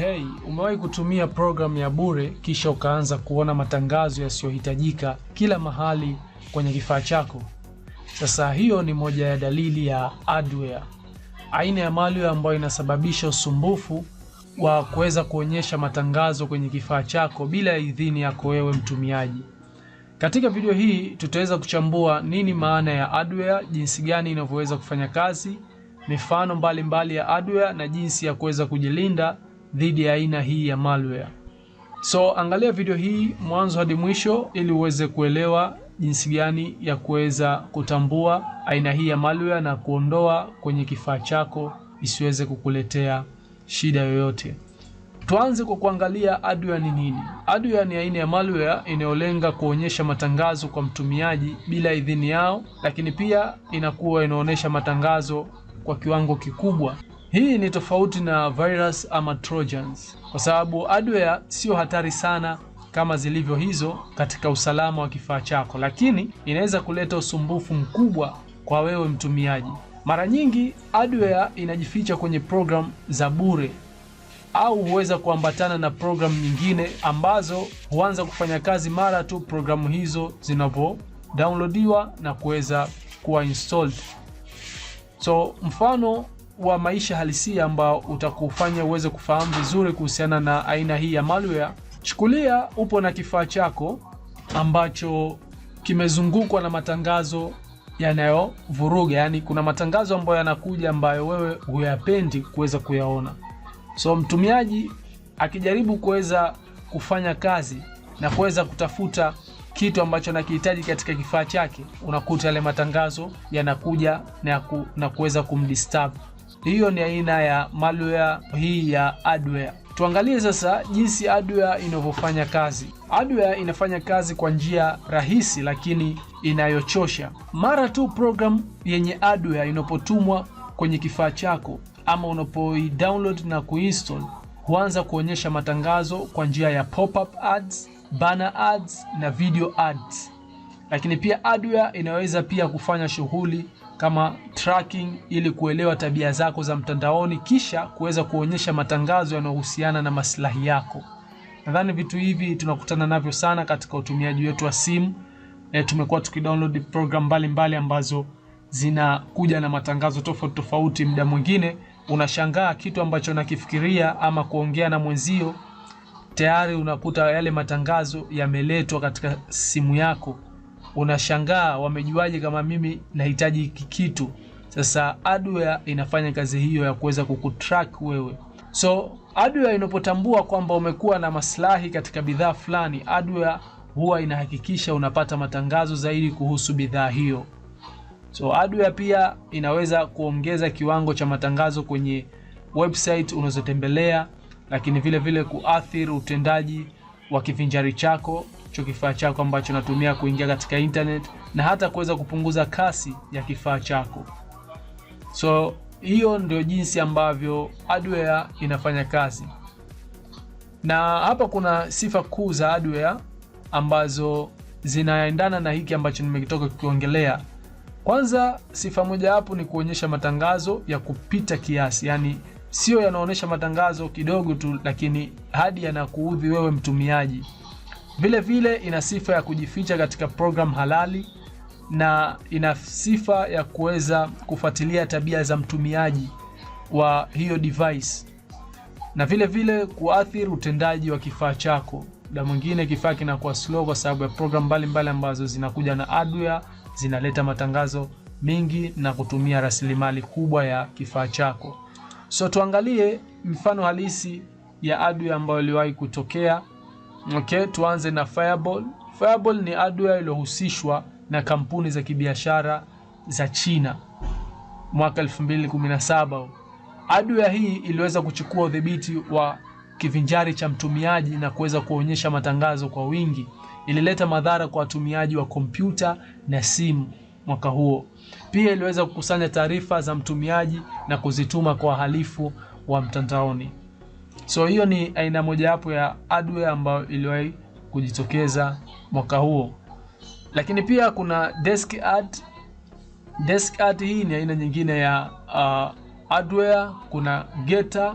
Hey, umewahi kutumia programu ya bure kisha ukaanza kuona matangazo yasiyohitajika kila mahali kwenye kifaa chako? Sasa hiyo ni moja ya dalili ya adware, aina ya malware ambayo inasababisha usumbufu wa kuweza kuonyesha matangazo kwenye kifaa chako bila idhini yako wewe mtumiaji. Katika video hii tutaweza kuchambua nini maana ya adware, jinsi gani inavyoweza kufanya kazi, mifano mbalimbali mbali ya adware na jinsi ya kuweza kujilinda dhidi ya aina hii ya malware. So angalia video hii mwanzo hadi mwisho ili uweze kuelewa jinsi gani ya kuweza kutambua aina hii ya malware na kuondoa kwenye kifaa chako isiweze kukuletea shida yoyote. Tuanze kwa kuangalia adware ni nini. Adware ni aina ya malware inayolenga kuonyesha matangazo kwa mtumiaji bila idhini yao, lakini pia inakuwa inaonyesha matangazo kwa kiwango kikubwa hii ni tofauti na virus ama trojans, kwa sababu adware sio hatari sana kama zilivyo hizo katika usalama wa kifaa chako, lakini inaweza kuleta usumbufu mkubwa kwa wewe mtumiaji. Mara nyingi adware inajificha kwenye programu za bure au huweza kuambatana na programu nyingine ambazo huanza kufanya kazi mara tu programu hizo zinapodownloadiwa na kuweza kuwa installed. So mfano wa maisha halisi ambao utakufanya uweze kufahamu vizuri kuhusiana na aina hii ya malware. Chukulia upo na kifaa chako ambacho kimezungukwa na matangazo yanayovuruga, yaani kuna matangazo ambayo yanakuja ambayo wewe huyapendi kuweza kuyaona. So mtumiaji akijaribu kuweza kufanya kazi na kuweza kutafuta kitu ambacho anakihitaji katika kifaa chake, unakuta yale matangazo yanakuja na kuweza kumdisturb. Hiyo ni aina ya malware hii ya adware. Tuangalie sasa jinsi adware inavyofanya kazi. Adware inafanya kazi kwa njia rahisi lakini inayochosha. Mara tu programu yenye adware inapotumwa kwenye kifaa chako ama download na kuinstall, huanza kuonyesha matangazo kwa njia ya pop-up ads, banner ads na video ads. Lakini pia adware inaweza pia kufanya shughuli kama tracking ili kuelewa tabia zako za mtandaoni, kisha kuweza kuonyesha matangazo yanayohusiana na maslahi yako. Nadhani vitu hivi tunakutana navyo sana katika utumiaji wetu wa simu. E, tumekuwa tukidownload program mbalimbali ambazo zinakuja na matangazo tofauti tofauti. Muda mwingine unashangaa kitu ambacho nakifikiria ama kuongea na mwenzio, tayari unakuta yale matangazo yameletwa katika simu yako unashangaa wamejuaje kama mimi nahitaji hiki kitu. Sasa adware inafanya kazi hiyo ya kuweza kukutrack wewe. So adware inapotambua kwamba umekuwa na maslahi katika bidhaa fulani, adware huwa inahakikisha unapata matangazo zaidi kuhusu bidhaa hiyo. So adware pia inaweza kuongeza kiwango cha matangazo kwenye website unazotembelea, lakini vile vile kuathiri utendaji wa kivinjari chako hicho kifaa chako ambacho unatumia kuingia katika internet na hata kuweza kupunguza kasi ya kifaa chako. So hiyo ndio jinsi ambavyo hardware inafanya kazi, na hapa kuna sifa kuu za hardware ambazo zinaendana na hiki ambacho nimekitoka kukiongelea. Kwanza, sifa moja hapo ni kuonyesha matangazo ya kupita kiasi, yani sio yanaonyesha matangazo kidogo tu, lakini hadi yanakuudhi wewe mtumiaji. Vile vile ina sifa ya kujificha katika program halali na ina sifa ya kuweza kufuatilia tabia za mtumiaji wa hiyo device na vile vile kuathiri utendaji wa kifaa chako. na mwingine kifaa kinakuwa slow kwa sababu ya programu mbalimbali ambazo zinakuja na adware, zinaleta matangazo mengi na kutumia rasilimali kubwa ya kifaa chako. So tuangalie mfano halisi ya adware ambayo iliwahi kutokea Okay, tuanze na Fireball. Fireball ni adware iliyohusishwa na kampuni za kibiashara za China mwaka 2017. Adware hii iliweza kuchukua udhibiti wa kivinjari cha mtumiaji na kuweza kuonyesha matangazo kwa wingi. Ilileta madhara kwa watumiaji wa kompyuta na simu mwaka huo. Pia iliweza kukusanya taarifa za mtumiaji na kuzituma kwa wahalifu wa mtandaoni. So hiyo ni aina mojawapo ya adware ambayo iliwahi kujitokeza mwaka huo, lakini pia kuna desk ad. Desk ad hii ni aina nyingine ya uh, adware. Kuna geta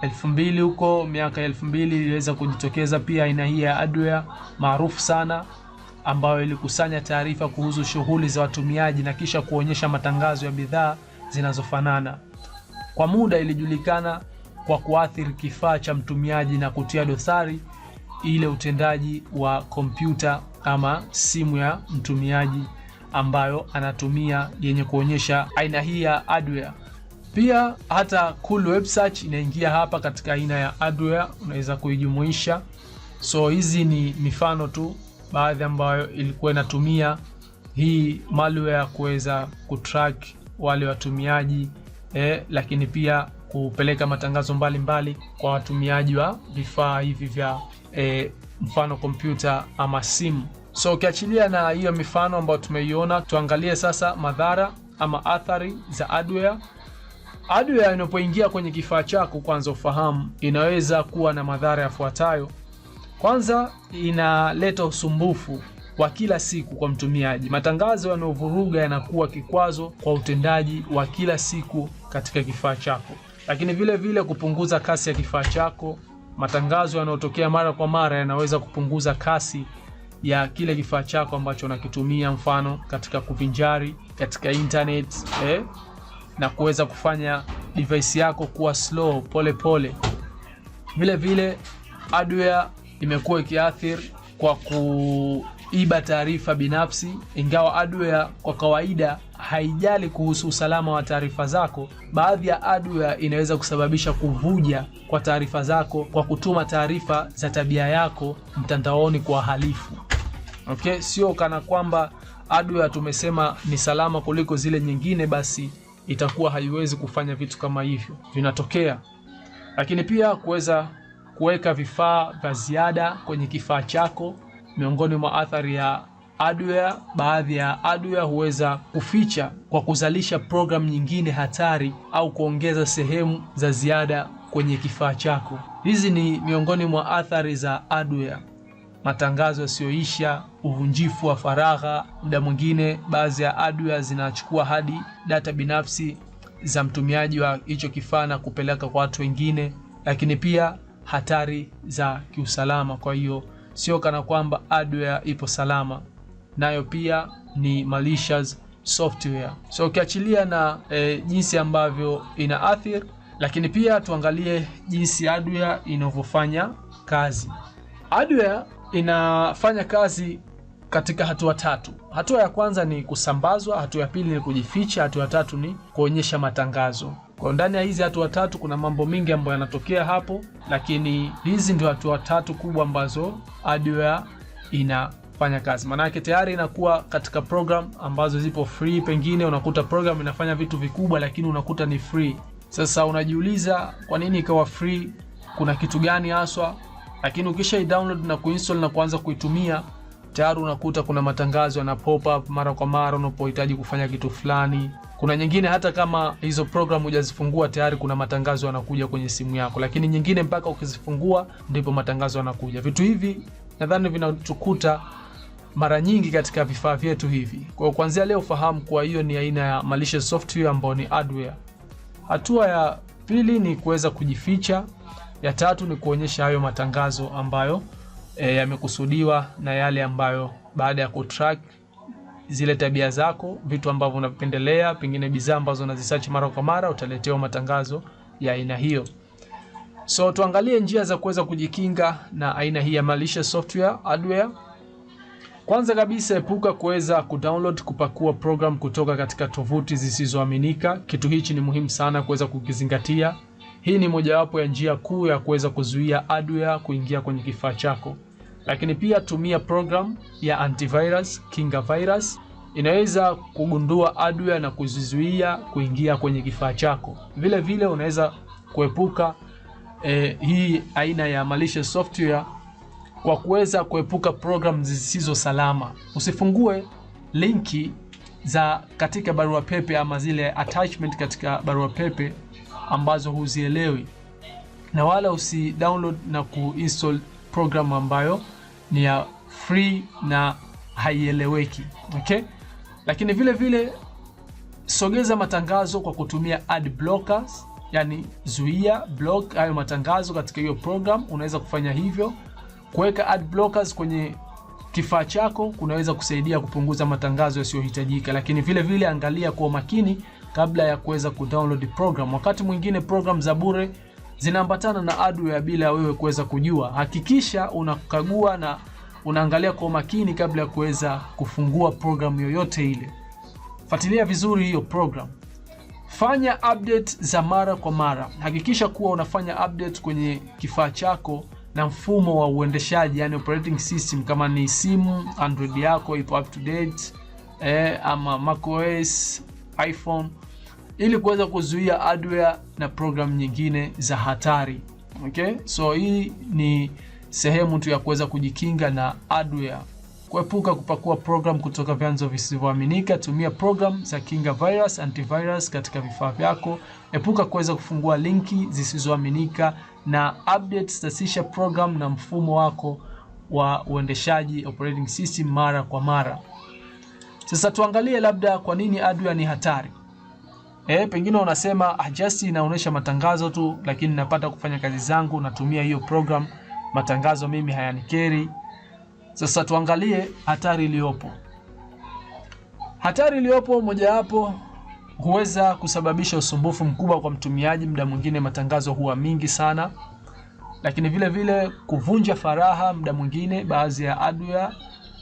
elfu mbili huko miaka elfu mbili iliweza kujitokeza pia aina hii ya adware maarufu sana ambayo ilikusanya taarifa kuhusu shughuli za watumiaji na kisha kuonyesha matangazo ya bidhaa zinazofanana. Kwa muda ilijulikana kwa kuathiri kifaa cha mtumiaji na kutia dosari ile utendaji wa kompyuta ama simu ya mtumiaji ambayo anatumia yenye kuonyesha aina hii ya hardware. Pia hata cool web search inaingia hapa katika aina ya hardware, unaweza kuijumuisha. So hizi ni mifano tu baadhi ambayo ilikuwa inatumia hii malware kuweza kutrack wale watumiaji eh, lakini pia kupeleka matangazo mbalimbali mbali kwa watumiaji wa vifaa hivi vya e, mfano kompyuta ama simu. So ukiachilia na hiyo mifano ambayo tumeiona, tuangalie sasa madhara ama athari za adware. Adware inapoingia kwenye kifaa chako, kwanza ufahamu, inaweza kuwa na madhara yafuatayo. Kwanza, inaleta usumbufu wa kila siku kwa mtumiaji. Matangazo yanayovuruga yanakuwa kikwazo kwa utendaji wa kila siku katika kifaa chako, lakini vile vile kupunguza kasi ya kifaa chako. Matangazo yanayotokea mara kwa mara yanaweza kupunguza kasi ya kile kifaa chako ambacho unakitumia, mfano katika kuvinjari, katika internet eh, na kuweza kufanya device yako kuwa slow, pole pole. Vile vile hardware imekuwa ikiathiri kwa ku iba taarifa binafsi. Ingawa adware kwa kawaida haijali kuhusu usalama wa taarifa zako, baadhi ya adware inaweza kusababisha kuvuja kwa taarifa zako kwa kutuma taarifa za tabia yako mtandaoni kwa wahalifu. Okay, sio kana kwamba adware tumesema ni salama kuliko zile nyingine, basi itakuwa haiwezi kufanya vitu kama hivyo, vinatokea. Lakini pia kuweza kuweka vifaa vya ziada kwenye kifaa chako miongoni mwa athari ya adware, baadhi ya adware huweza kuficha kwa kuzalisha programu nyingine hatari au kuongeza sehemu za ziada kwenye kifaa chako. Hizi ni miongoni mwa athari za adware: matangazo yasiyoisha, uvunjifu wa faragha. Muda mwingine baadhi ya adware zinachukua hadi data binafsi za mtumiaji wa hicho kifaa na kupeleka kwa watu wengine, lakini pia hatari za kiusalama. Kwa hiyo sio kana kwamba adware ipo salama, nayo pia ni malicious software. So ukiachilia na e, jinsi ambavyo ina athir lakini pia tuangalie jinsi adware inavyofanya kazi. Adware inafanya kazi katika hatua tatu. Hatua ya kwanza ni kusambazwa, hatua ya pili ni kujificha, hatua ya tatu ni kuonyesha matangazo. Kwa ndani ya hizi hatua tatu kuna mambo mengi ambayo yanatokea hapo, lakini hizi ndio hatua tatu kubwa ambazo adware inafanya kazi. Maana yake tayari inakuwa katika program ambazo zipo free. Pengine unakuta program inafanya vitu vikubwa, lakini unakuta ni free. Sasa unajiuliza kwa nini ikawa free, kuna kitu gani haswa? Lakini ukisha download na kuinstall na kuanza kuitumia tayari unakuta kuna matangazo yana pop up mara kwa mara unapohitaji kufanya kitu fulani. Kuna nyingine hata kama hizo program hujazifungua tayari kuna matangazo yanakuja kwenye simu yako, lakini nyingine mpaka ukizifungua ndipo matangazo yanakuja. Vitu hivi nadhani vinatukuta mara nyingi katika vifaa vyetu hivi. Kwa kuanzia leo fahamu kuwa hiyo ni aina ya malicious software ambayo ni adware. Hatua ya pili ni kuweza kujificha, ya tatu ni kuonyesha hayo matangazo ambayo e, yamekusudiwa na yale ambayo baada ya kutrack zile tabia zako, vitu ambavyo unapendelea, pengine bidhaa ambazo unazisearch mara kwa mara, utaletewa matangazo ya aina hiyo. So tuangalie njia za kuweza kujikinga na aina hii ya malicious software adware. Kwanza kabisa, epuka kuweza kudownload, kupakua program kutoka katika tovuti zisizoaminika. Kitu hichi ni muhimu sana kuweza kukizingatia. Hii ni mojawapo ya njia kuu ya kuweza kuzuia adware kuingia kwenye kifaa chako. Lakini pia tumia program ya antivirus kinga virus inaweza kugundua adware na kuzizuia kuingia kwenye kifaa chako. Vile vile unaweza kuepuka eh, hii aina ya malicious software kwa kuweza kuepuka program zisizo salama. Usifungue linki za katika barua pepe ama zile attachment katika barua pepe ambazo huzielewi, na wala download na kuinstall program ambayo ni ya free na haieleweki okay? Lakini vile vile sogeza matangazo kwa kutumia ad blockers, yani zuia block hayo matangazo katika hiyo program. Unaweza kufanya hivyo. Kuweka ad blockers kwenye kifaa chako kunaweza kusaidia kupunguza matangazo yasiyohitajika, lakini vile vile angalia kwa makini kabla ya kuweza kudownload program. Wakati mwingine program za bure zinaambatana na adware bila ya wewe kuweza kujua. Hakikisha unakagua na unaangalia kwa makini kabla ya kuweza kufungua programu yoyote ile. Fuatilia vizuri hiyo program. Fanya update za mara kwa mara. Hakikisha kuwa unafanya update kwenye kifaa chako na mfumo wa uendeshaji, yani operating system. Kama ni simu, Android yako ipo up to date eh, ama macOS, iPhone ili kuweza kuzuia adware na programu nyingine za hatari. Okay? So hii ni sehemu tu ya kuweza kujikinga na adware. Kuepuka kupakua program kutoka vyanzo visivyoaminika. Tumia program za kinga virus, antivirus katika vifaa vyako. Epuka kuweza kufungua linki zisizoaminika na update, sasisha program na mfumo wako wa uendeshaji operating system mara kwa mara. Sasa tuangalie labda kwa nini adware ni hatari. Eh, pengine unasema ah, just inaonyesha matangazo tu, lakini napata kufanya kazi zangu, natumia hiyo program, matangazo mimi hayanikeri. Sasa tuangalie hatari iliyopo. Hatari iliyopo mojawapo, huweza kusababisha usumbufu mkubwa kwa mtumiaji. Muda mwingine matangazo huwa mingi sana, lakini vile vile kuvunja faraha. Muda mwingine baadhi ya adwa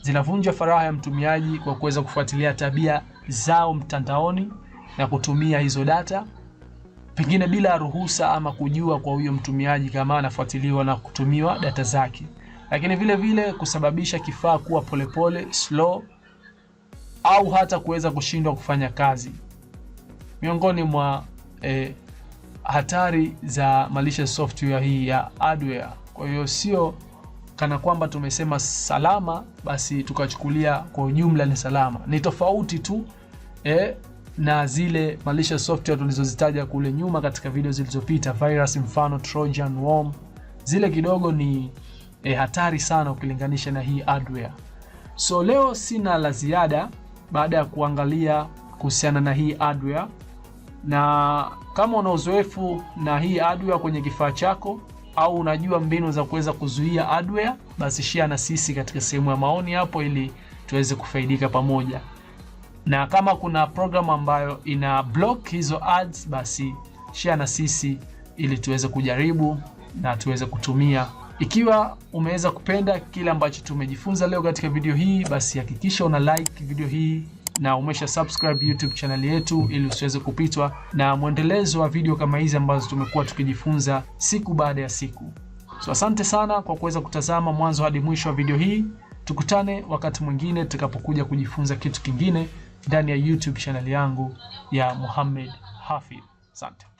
zinavunja faraha ya mtumiaji kwa kuweza kufuatilia tabia zao mtandaoni na kutumia hizo data pengine bila ruhusa ama kujua kwa huyo mtumiaji kama anafuatiliwa na kutumiwa data zake, lakini vile vile kusababisha kifaa kuwa polepole pole, slow au hata kuweza kushindwa kufanya kazi. Miongoni mwa eh, hatari za malisha software hii ya hardware. Kwa hiyo sio kana kwamba tumesema salama basi tukachukulia kwa ujumla ni salama, ni tofauti tu eh, na zile malicious software tulizozitaja kule nyuma katika video zilizopita, virus mfano Trojan worm, zile kidogo ni e, hatari sana ukilinganisha na hii adware. So leo sina la ziada baada ya kuangalia kuhusiana na hii adware, na kama una uzoefu na hii adware kwenye kifaa chako au unajua mbinu za kuweza kuzuia adware, basi share na sisi katika sehemu ya maoni hapo, ili tuweze kufaidika pamoja na kama kuna program ambayo ina block hizo ads, basi share na sisi ili tuweze kujaribu na tuweze kutumia. Ikiwa umeweza kupenda kile ambacho tumejifunza leo katika video hii, basi hakikisha una like video hii na umesha subscribe YouTube channel yetu ili usiweze kupitwa na mwendelezo wa video kama hizi ambazo tumekuwa tukijifunza siku baada ya siku. So asante sana kwa kuweza kutazama mwanzo hadi mwisho wa video hii. Tukutane wakati mwingine tutakapokuja kujifunza kitu kingine ndani ya YouTube channel yangu ya Muhammad Hafidh. Asante.